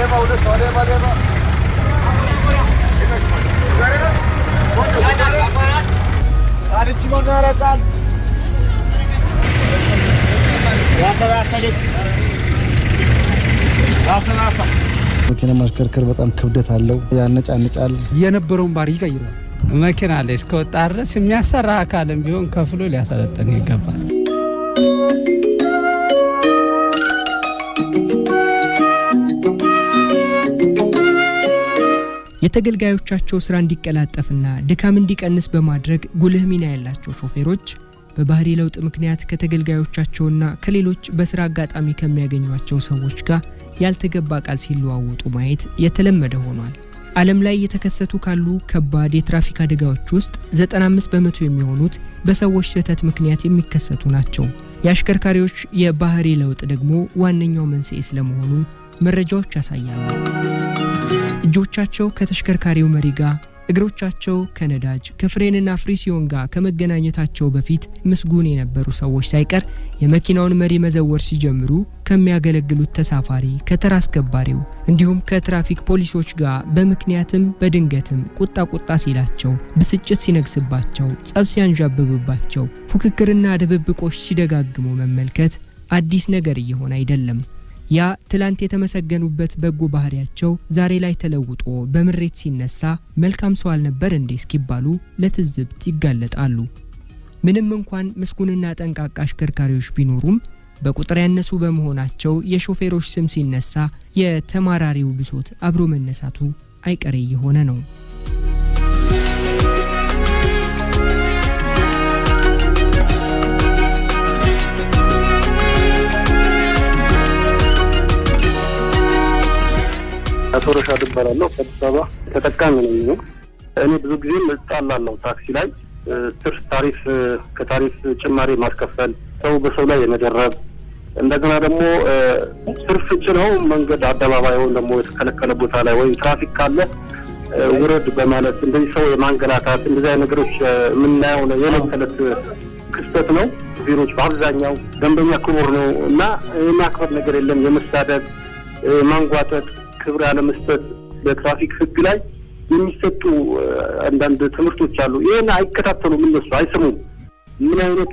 መኪና ማሽከርከር በጣም ክብደት አለው፣ ያነጫንጫል። የነበረውን ባህሪ ይቀይራል። መኪና ላይ እስከወጣ ድረስ የሚያሰራ አካልም ቢሆን ከፍሎ ሊያሰለጥን ይገባል። የተገልጋዮቻቸው ስራ እንዲቀላጠፍና ድካም እንዲቀንስ በማድረግ ጉልህ ሚና ያላቸው ሾፌሮች በባህሪ ለውጥ ምክንያት ከተገልጋዮቻቸውና ከሌሎች በስራ አጋጣሚ ከሚያገኟቸው ሰዎች ጋር ያልተገባ ቃል ሲለዋወጡ ማየት የተለመደ ሆኗል። ዓለም ላይ የተከሰቱ ካሉ ከባድ የትራፊክ አደጋዎች ውስጥ 95 በመቶ የሚሆኑት በሰዎች ስህተት ምክንያት የሚከሰቱ ናቸው። የአሽከርካሪዎች የባህሪ ለውጥ ደግሞ ዋነኛው መንስኤ ስለመሆኑ መረጃዎች ያሳያሉ። እጆቻቸው ከተሽከርካሪው መሪ ጋር እግሮቻቸው ከነዳጅ ከፍሬንና ፍሪሲዮን ጋር ከመገናኘታቸው በፊት ምስጉን የነበሩ ሰዎች ሳይቀር የመኪናውን መሪ መዘወር ሲጀምሩ ከሚያገለግሉት ተሳፋሪ ከተራ አስከባሪው እንዲሁም ከትራፊክ ፖሊሶች ጋር በምክንያትም በድንገትም ቁጣ ቁጣ ሲላቸው፣ ብስጭት ሲነግስባቸው፣ ጸብ ሲያንዣብብባቸው፣ ፉክክርና ድብብቆች ሲደጋግሙ መመልከት አዲስ ነገር እየሆነ አይደለም። ያ ትላንት የተመሰገኑበት በጎ ባህሪያቸው ዛሬ ላይ ተለውጦ በምሬት ሲነሳ መልካም ሰው አልነበር እንዴ እስኪባሉ ለትዝብት ይጋለጣሉ። ምንም እንኳን ምስጉንና ጠንቃቃ አሽከርካሪዎች ቢኖሩም በቁጥር ያነሱ በመሆናቸው የሾፌሮች ስም ሲነሳ የተማራሪው ብሶት አብሮ መነሳቱ አይቀሬ የሆነ ነው። አቶ ረሻድ እባላለሁ። ከአዲስ አበባ ተጠቃሚ ነኝ ነው። እኔ ብዙ ጊዜም እጣላለሁ ታክሲ ላይ ትርፍ ታሪፍ ከታሪፍ ጭማሪ ማስከፈል፣ ሰው በሰው ላይ የመደረብ እንደገና ደግሞ ትርፍ ጭነው መንገድ አደባባይ ወይም ደግሞ የተከለከለ ቦታ ላይ ወይም ትራፊክ ካለ ውረድ በማለት እንደዚህ ሰው የማንገላታት እንደዚህ አይነት ነገሮች የምናየው የዕለት ተዕለት ክስተት ነው። ቢሮዎች በአብዛኛው ደንበኛ ክቡር ነው እና የማክበር ነገር የለም። የመሳደብ ማንጓጠጥ ክብር ያለመስጠት በትራፊክ ህግ ላይ የሚሰጡ አንዳንድ ትምህርቶች አሉ። ይህን አይከታተሉም፣ እነሱ አይስሙም ምን አይነት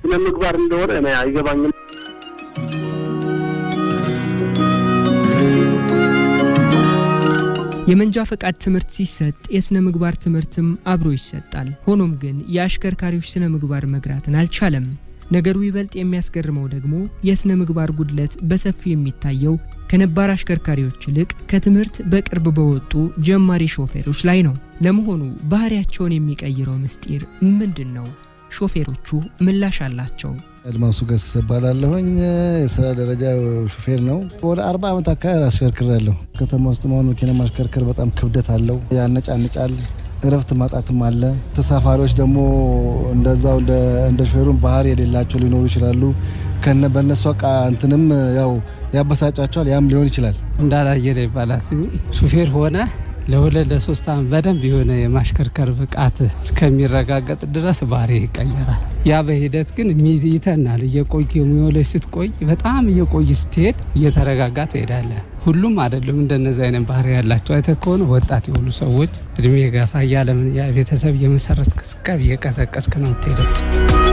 ስነ ምግባር እንደሆነ እኔ አይገባኝም። የመንጃ ፈቃድ ትምህርት ሲሰጥ የስነ ምግባር ትምህርትም አብሮ ይሰጣል። ሆኖም ግን የአሽከርካሪዎች ስነ ምግባር መግራትን አልቻለም። ነገሩ ይበልጥ የሚያስገርመው ደግሞ የስነ ምግባር ጉድለት በሰፊው የሚታየው ከነባር አሽከርካሪዎች ይልቅ ከትምህርት በቅርብ በወጡ ጀማሪ ሾፌሮች ላይ ነው። ለመሆኑ ባህሪያቸውን የሚቀይረው ምስጢር ምንድን ነው? ሾፌሮቹ ምላሽ አላቸው። አድማሱ ገስ እባላለሁኝ። የስራ ደረጃ ሹፌር ነው። ወደ አርባ ዓመት አካባቢ አሽከርክራለሁ። ከተማ ውስጥ መሆን መኪና ማሽከርከር በጣም ክብደት አለው፣ ያነጫንጫል። እረፍት ማጣትም አለ። ተሳፋሪዎች ደግሞ እንደዛው እንደ ሹፌሩን ባህሪ የሌላቸው ሊኖሩ ይችላሉ። ከነ በነሱ ቃ እንትንም ያው ያበሳጫቸዋል። ያም ሊሆን ይችላል። እንዳላየረ ይባላል ስሜ ሹፌር ሆነ ለሁለት ለሶስት አመት በደንብ የሆነ የማሽከርከር ብቃት እስከሚረጋገጥ ድረስ ባሬ ይቀየራል። ያ በሂደት ግን ሚይተናል። እየቆየ ሙዮለች ስትቆይ በጣም እየቆይ ስትሄድ እየተረጋጋ ትሄዳለ። ሁሉም አይደለም እንደነዚ አይነት ባህሪ ያላቸው አይተ ከሆነ ወጣት የሆኑ ሰዎች እድሜ ገፋ እያለምን ቤተሰብ የመሰረት ክስቀር እየቀሰቀስክ ነው ትሄደ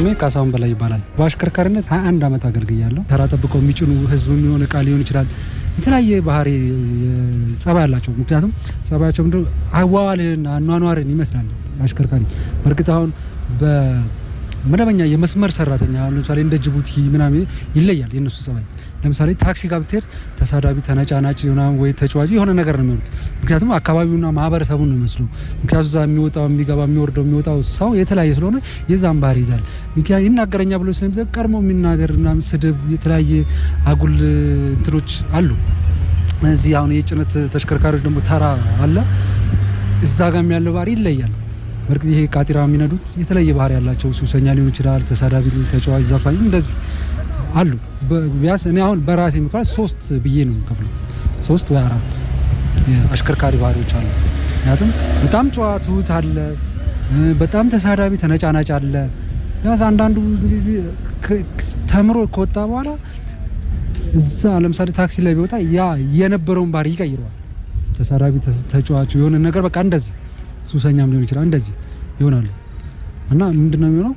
ስሜ ካሳሁን በላይ ይባላል። በአሽከርካሪነት 21 ዓመት አገልግያለሁ። ተራ ጠብቀው የሚጭኑ ህዝብ የሚሆን እቃ ሊሆን ይችላል። የተለያየ ባህሪ ጸባይ አላቸው። ምክንያቱም ጸባያቸው ምንድን አዋዋልን አኗኗርን ይመስላል አሽከርካሪ። በእርግጥ አሁን በመደበኛ የመስመር ሰራተኛ ለምሳሌ እንደ ጅቡቲ ምናምን ይለያል የእነሱ ጸባይ ለምሳሌ ታክሲ ጋር ብትሄድ ተሳዳቢ፣ ተነጫናጭ ምናምን ወይ ተጫዋጭ የሆነ ነገር ነው የሚሉት። ምክንያቱም አካባቢውና ማህበረሰቡ ነው የሚመስለው። ምክንያቱ እዛ የሚወጣው የሚገባ፣ የሚወርደው የሚወጣው ሰው የተለያየ ስለሆነ የዛን ባህር ይዛል። ምክንያቱ ይናገረኛ ብሎ ስለሚ ቀድሞ የሚናገርና ስድብ፣ የተለያየ አጉል እንትኖች አሉ። እዚህ አሁን የጭነት ተሽከርካሪዎች ደግሞ ተራ አለ። እዛ ጋር ያለው ባህር ይለያል። በእርግጥ ይሄ ቃጢራ የሚነዱት የተለየ ባህር ያላቸው ሱሰኛ ሊሆን ይችላል፣ ተሳዳቢ፣ ተጫዋች፣ ዘፋኝ እንደዚህ አሉ። ቢያንስ እኔ አሁን በራሴ ምክንያት ሶስት ብዬ ነው የምከፍለው። ሶስት ወይ አራት አሽከርካሪ ባህሪዎች አሉ። ምክንያቱም በጣም ጨዋ ትሁት አለ፣ በጣም ተሳዳቢ ተነጫናጭ አለ። ቢያንስ አንዳንዱ ተምሮ ከወጣ በኋላ እዛ ለምሳሌ ታክሲ ላይ ቢወጣ ያ የነበረውን ባህሪ ይቀይረዋል። ተሳዳቢ ተጫዋቹ የሆነ ነገር በቃ እንደዚህ ሱሰኛም ሊሆን ይችላል እንደዚህ ይሆናሉ እና ምንድነው የሚሆነው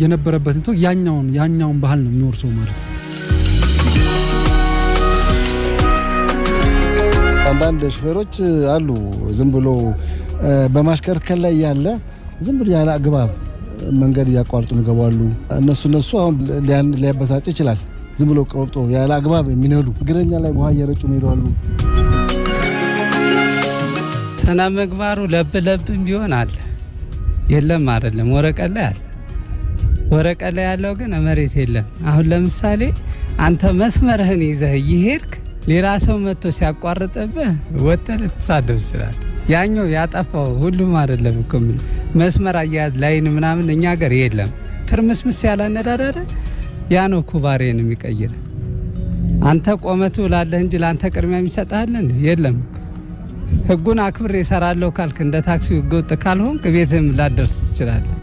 የነበረበትን ሰው ያኛውን ያኛውን ባህል ነው የሚወርሰው ማለት ነው። አንዳንድ ሹፌሮች አሉ ዝም ብሎ በማሽከርከል ላይ ያለ ዝም ብሎ ያለ አግባብ መንገድ እያቋርጡ ይገባሉ። እነሱ እነሱ አሁን ሊያበሳጭ ይችላል። ዝም ብሎ ቆርጦ ያለ አግባብ የሚነዱ እግረኛ ላይ ውሃ እየረጩ ሄደዋሉ። ስነ ምግባሩ ለብ ለብም ቢሆን አለ የለም አይደለም ወረቀት ላይ አለ ወረቀት ላይ ያለው ግን መሬት የለም። አሁን ለምሳሌ አንተ መስመርህን ይዘህ ይሄድክ ሌላ ሰው መጥቶ ሲያቋርጥብህ ወጥተህ ልትሳደብ ይችላል። ያኛው ያጠፋው ሁሉም አይደለም እኮ የምልህ መስመር አያያዝ ላይን ምናምን እኛ ሀገር የለም። ትርምስምስ ያለ ያ ነው እኮ ባሬን የሚቀይር። አንተ ቆመህ ትውላለህ እንጂ ለአንተ ቅድሚያ የሚሰጥሃል የለም። ህጉን አክብር እሰራለሁ ካልክ እንደ ታክሲው ህገወጥ ካልሆንክ ቤትህም ላደርስ ትችላለህ።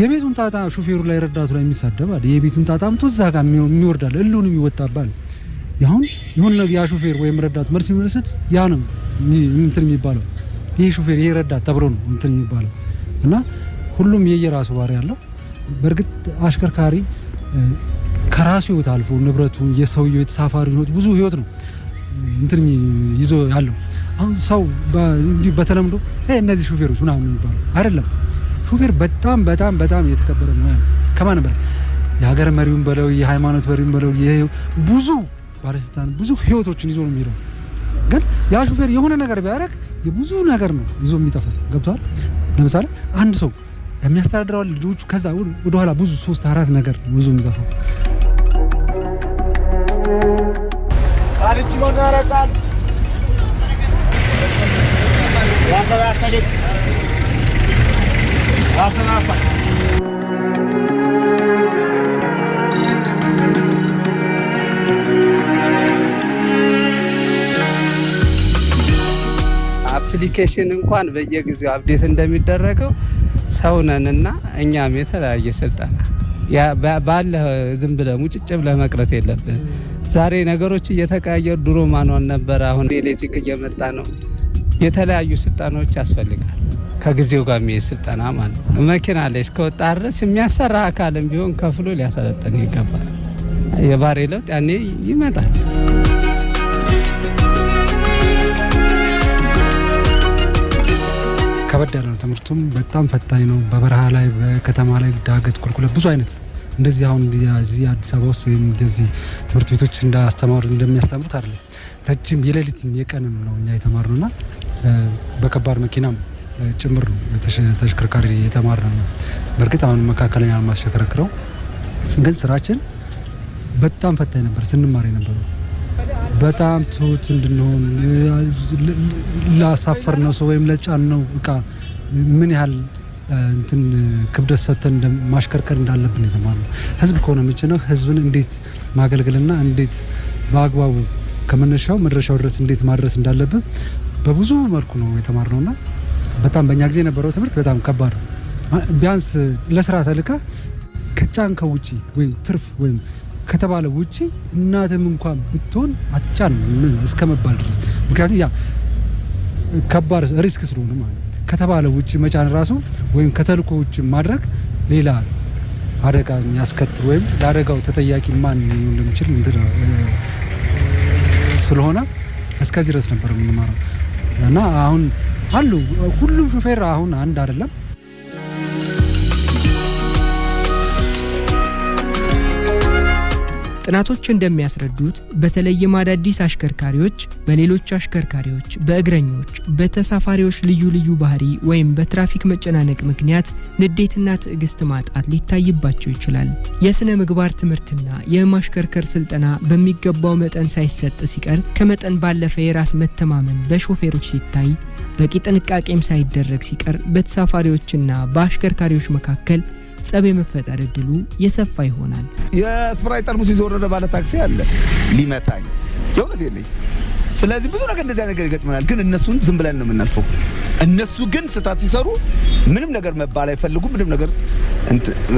የቤቱን ጣጣ ሹፌሩ ላይ ረዳቱ ላይ የሚሳደብ የሚሳደባል፣ የቤቱን ጣጣም ምቶ እዛ ጋር የሚወርዳል፣ እልውን የሚወጣባል። ያሁን ይሁን ነው ያ ሹፌር ወይም ረዳት መልስ የሚመልስት ያ ነው እንትን የሚባለው ይሄ ሹፌር ይሄ ረዳት ተብሎ ነው እንትን የሚባለው እና ሁሉም የየራሱ ባህሪ ያለው በእርግጥ አሽከርካሪ ከራሱ ህይወት አልፎ ንብረቱ የሰውየው የተሳፋሪ ህይወት ብዙ ህይወት ነው እንትን ይዞ ያለው። አሁን ሰው በተለምዶ እነዚህ ሹፌሮች ምናምን የሚባለው አይደለም። ሹፌር በጣም በጣም በጣም የተከበረ ነው። ከማንም የሀገር መሪውን በለው የሃይማኖት መሪውን በለው ብዙ ባለስልጣን ብዙ ህይወቶችን ይዞ ነው የሚሄደው። ግን ያ ሹፌር የሆነ ነገር ቢያደርግ የብዙ ነገር ነው ይዞ የሚጠፋ። ገብተዋል። ለምሳሌ አንድ ሰው የሚያስተዳድረዋል ልጆቹ፣ ከዛ ወደኋላ ብዙ ሶስት አራት ነገር ብዙ የሚጠፋው ቃልቺ አፕሊኬሽን እንኳን በየጊዜው አፕዴት እንደሚደረገው ሰው እና እኛም የተለያየ ስልጠና ባለ ዝም ብለ ሙጭጭ ብለህ መቅረት ዛሬ ነገሮች እየተቀያየሩ ድሮ ማኗን ነበር፣ አሁን ኤሌክትሪክ እየመጣ ነው። የተለያዩ ስልጠናዎች ያስፈልጋል። ከጊዜው ጋር የሚሄድ ስልጠና ማለት መኪና ላይ እስከወጣ ድረስ የሚያሰራ አካልም ቢሆን ከፍሎ ሊያሰለጠን ይገባል። የባህሪ ለውጥ ያኔ ይመጣል። ከበድ ያለ ነው። ትምህርቱም በጣም ፈታኝ ነው። በበረሃ ላይ፣ በከተማ ላይ፣ ዳገት፣ ቁልቁለት ብዙ አይነት እንደዚህ አሁን እዚህ አዲስ አበባ ውስጥ ወይም እንደዚህ ትምህርት ቤቶች እንዳስተማሩ እንደሚያስተምሩት አይደለም። ረጅም የሌሊትም የቀንም ነው እኛ የተማርነውና በከባድ መኪናም ጭምር ነው ተሽከርካሪ የተማር ነው። በእርግጥ አሁን መካከለኛ ነው ግን ስራችን በጣም ፈታኝ ነበር ስንማር የነበረው። በጣም ትሁት እንድንሆን ላሳፈር ነው ሰው ወይም ለጫን ነው እቃ ምን ያህል እንትን ክብደት ሰጥተን ማሽከርከር እንዳለብን የተማርነው። ህዝብ ከሆነ ምች ነው ህዝብን እንዴት ማገልገልና እንዴት በአግባቡ ከመነሻው መድረሻው ድረስ እንዴት ማድረስ እንዳለብን በብዙ መልኩ ነው የተማርነውና በጣም በእኛ ጊዜ የነበረው ትምህርት በጣም ከባድ ነው። ቢያንስ ለስራ ተልካ ከጫንከው ውጪ ወይም ትርፍ ወይም ከተባለ ውጪ እናትም እንኳን ብትሆን አጫን እስከ መባል ድረስ ምክንያቱም ያ ከባድ ሪስክ ስለሆነ ማለት ከተባለ ውጭ መጫን ራሱ ወይም ከተልኮ ውጭ ማድረግ ሌላ አደጋ ያስከትል ወይም ለአደጋው ተጠያቂ ማን ሊሆን እንደሚችል ስለሆነ እስከዚህ ድረስ ነበር የምንማረው እና አሁን አሉ። ሁሉም ሹፌር አሁን አንድ አይደለም። ጥናቶች እንደሚያስረዱት በተለይም አዳዲስ አሽከርካሪዎች በሌሎች አሽከርካሪዎች፣ በእግረኞች፣ በተሳፋሪዎች ልዩ ልዩ ባህሪ ወይም በትራፊክ መጨናነቅ ምክንያት ንዴትና ትዕግስት ማጣት ሊታይባቸው ይችላል። የሥነ ምግባር ትምህርትና የማሽከርከር ስልጠና በሚገባው መጠን ሳይሰጥ ሲቀር ከመጠን ባለፈ የራስ መተማመን በሾፌሮች ሲታይ በቂ ጥንቃቄም ሳይደረግ ሲቀር በተሳፋሪዎችና በአሽከርካሪዎች መካከል ጸብ የመፈጠር እድሉ የሰፋ ይሆናል። የስፕራይ ጠርሙስ ይዞ ወረደ ባለ ታክሲ አለ ሊመታኝ የእውነት የለኝ። ስለዚህ ብዙ ነገር እንደዚያ ነገር ይገጥመናል። ግን እነሱን ዝም ብለን ነው የምናልፈው። እነሱ ግን ስታት ሲሰሩ ምንም ነገር መባል አይፈልጉም። ምንም ነገር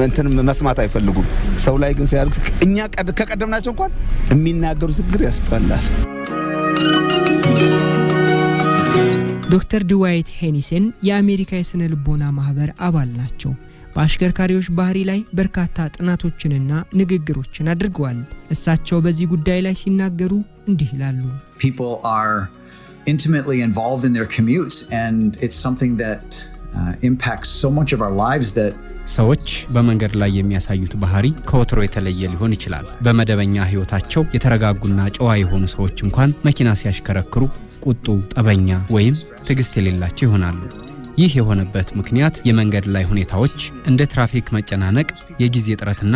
እንትን መስማት አይፈልጉም። ሰው ላይ ግን ሲያደርግ እኛ ከቀደምናቸው እንኳን የሚናገሩት ግር ያስጠላል። ዶክተር ድዋይት ሄኒሴን የአሜሪካ የሥነ ልቦና ማኅበር አባል ናቸው። በአሽከርካሪዎች ባህሪ ላይ በርካታ ጥናቶችንና ንግግሮችን አድርገዋል። እሳቸው በዚህ ጉዳይ ላይ ሲናገሩ እንዲህ ይላሉ። ሰዎች በመንገድ ላይ የሚያሳዩት ባህሪ ከወትሮ የተለየ ሊሆን ይችላል። በመደበኛ ሕይወታቸው የተረጋጉና ጨዋ የሆኑ ሰዎች እንኳን መኪና ሲያሽከረክሩ ቁጡ፣ ጠበኛ ወይም ትዕግስት የሌላቸው ይሆናሉ። ይህ የሆነበት ምክንያት የመንገድ ላይ ሁኔታዎች እንደ ትራፊክ መጨናነቅ፣ የጊዜ ጥረትና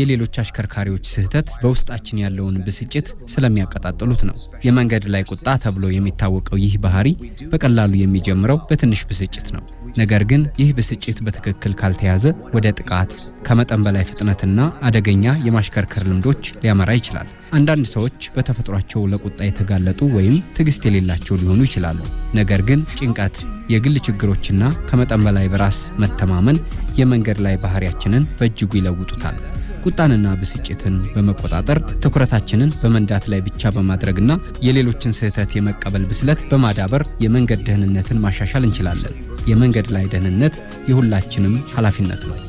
የሌሎች አሽከርካሪዎች ስህተት በውስጣችን ያለውን ብስጭት ስለሚያቀጣጥሉት ነው። የመንገድ ላይ ቁጣ ተብሎ የሚታወቀው ይህ ባህሪ በቀላሉ የሚጀምረው በትንሽ ብስጭት ነው። ነገር ግን ይህ ብስጭት በትክክል ካልተያዘ ወደ ጥቃት፣ ከመጠን በላይ ፍጥነትና አደገኛ የማሽከርከር ልምዶች ሊያመራ ይችላል። አንዳንድ ሰዎች በተፈጥሯቸው ለቁጣ የተጋለጡ ወይም ትዕግስት የሌላቸው ሊሆኑ ይችላሉ። ነገር ግን ጭንቀት፣ የግል ችግሮችና ከመጠን በላይ በራስ መተማመን የመንገድ ላይ ባህሪያችንን በእጅጉ ይለውጡታል። ቁጣንና ብስጭትን በመቆጣጠር ትኩረታችንን በመንዳት ላይ ብቻ በማድረግና የሌሎችን ስህተት የመቀበል ብስለት በማዳበር የመንገድ ደህንነትን ማሻሻል እንችላለን። የመንገድ ላይ ደህንነት የሁላችንም ኃላፊነት ነው።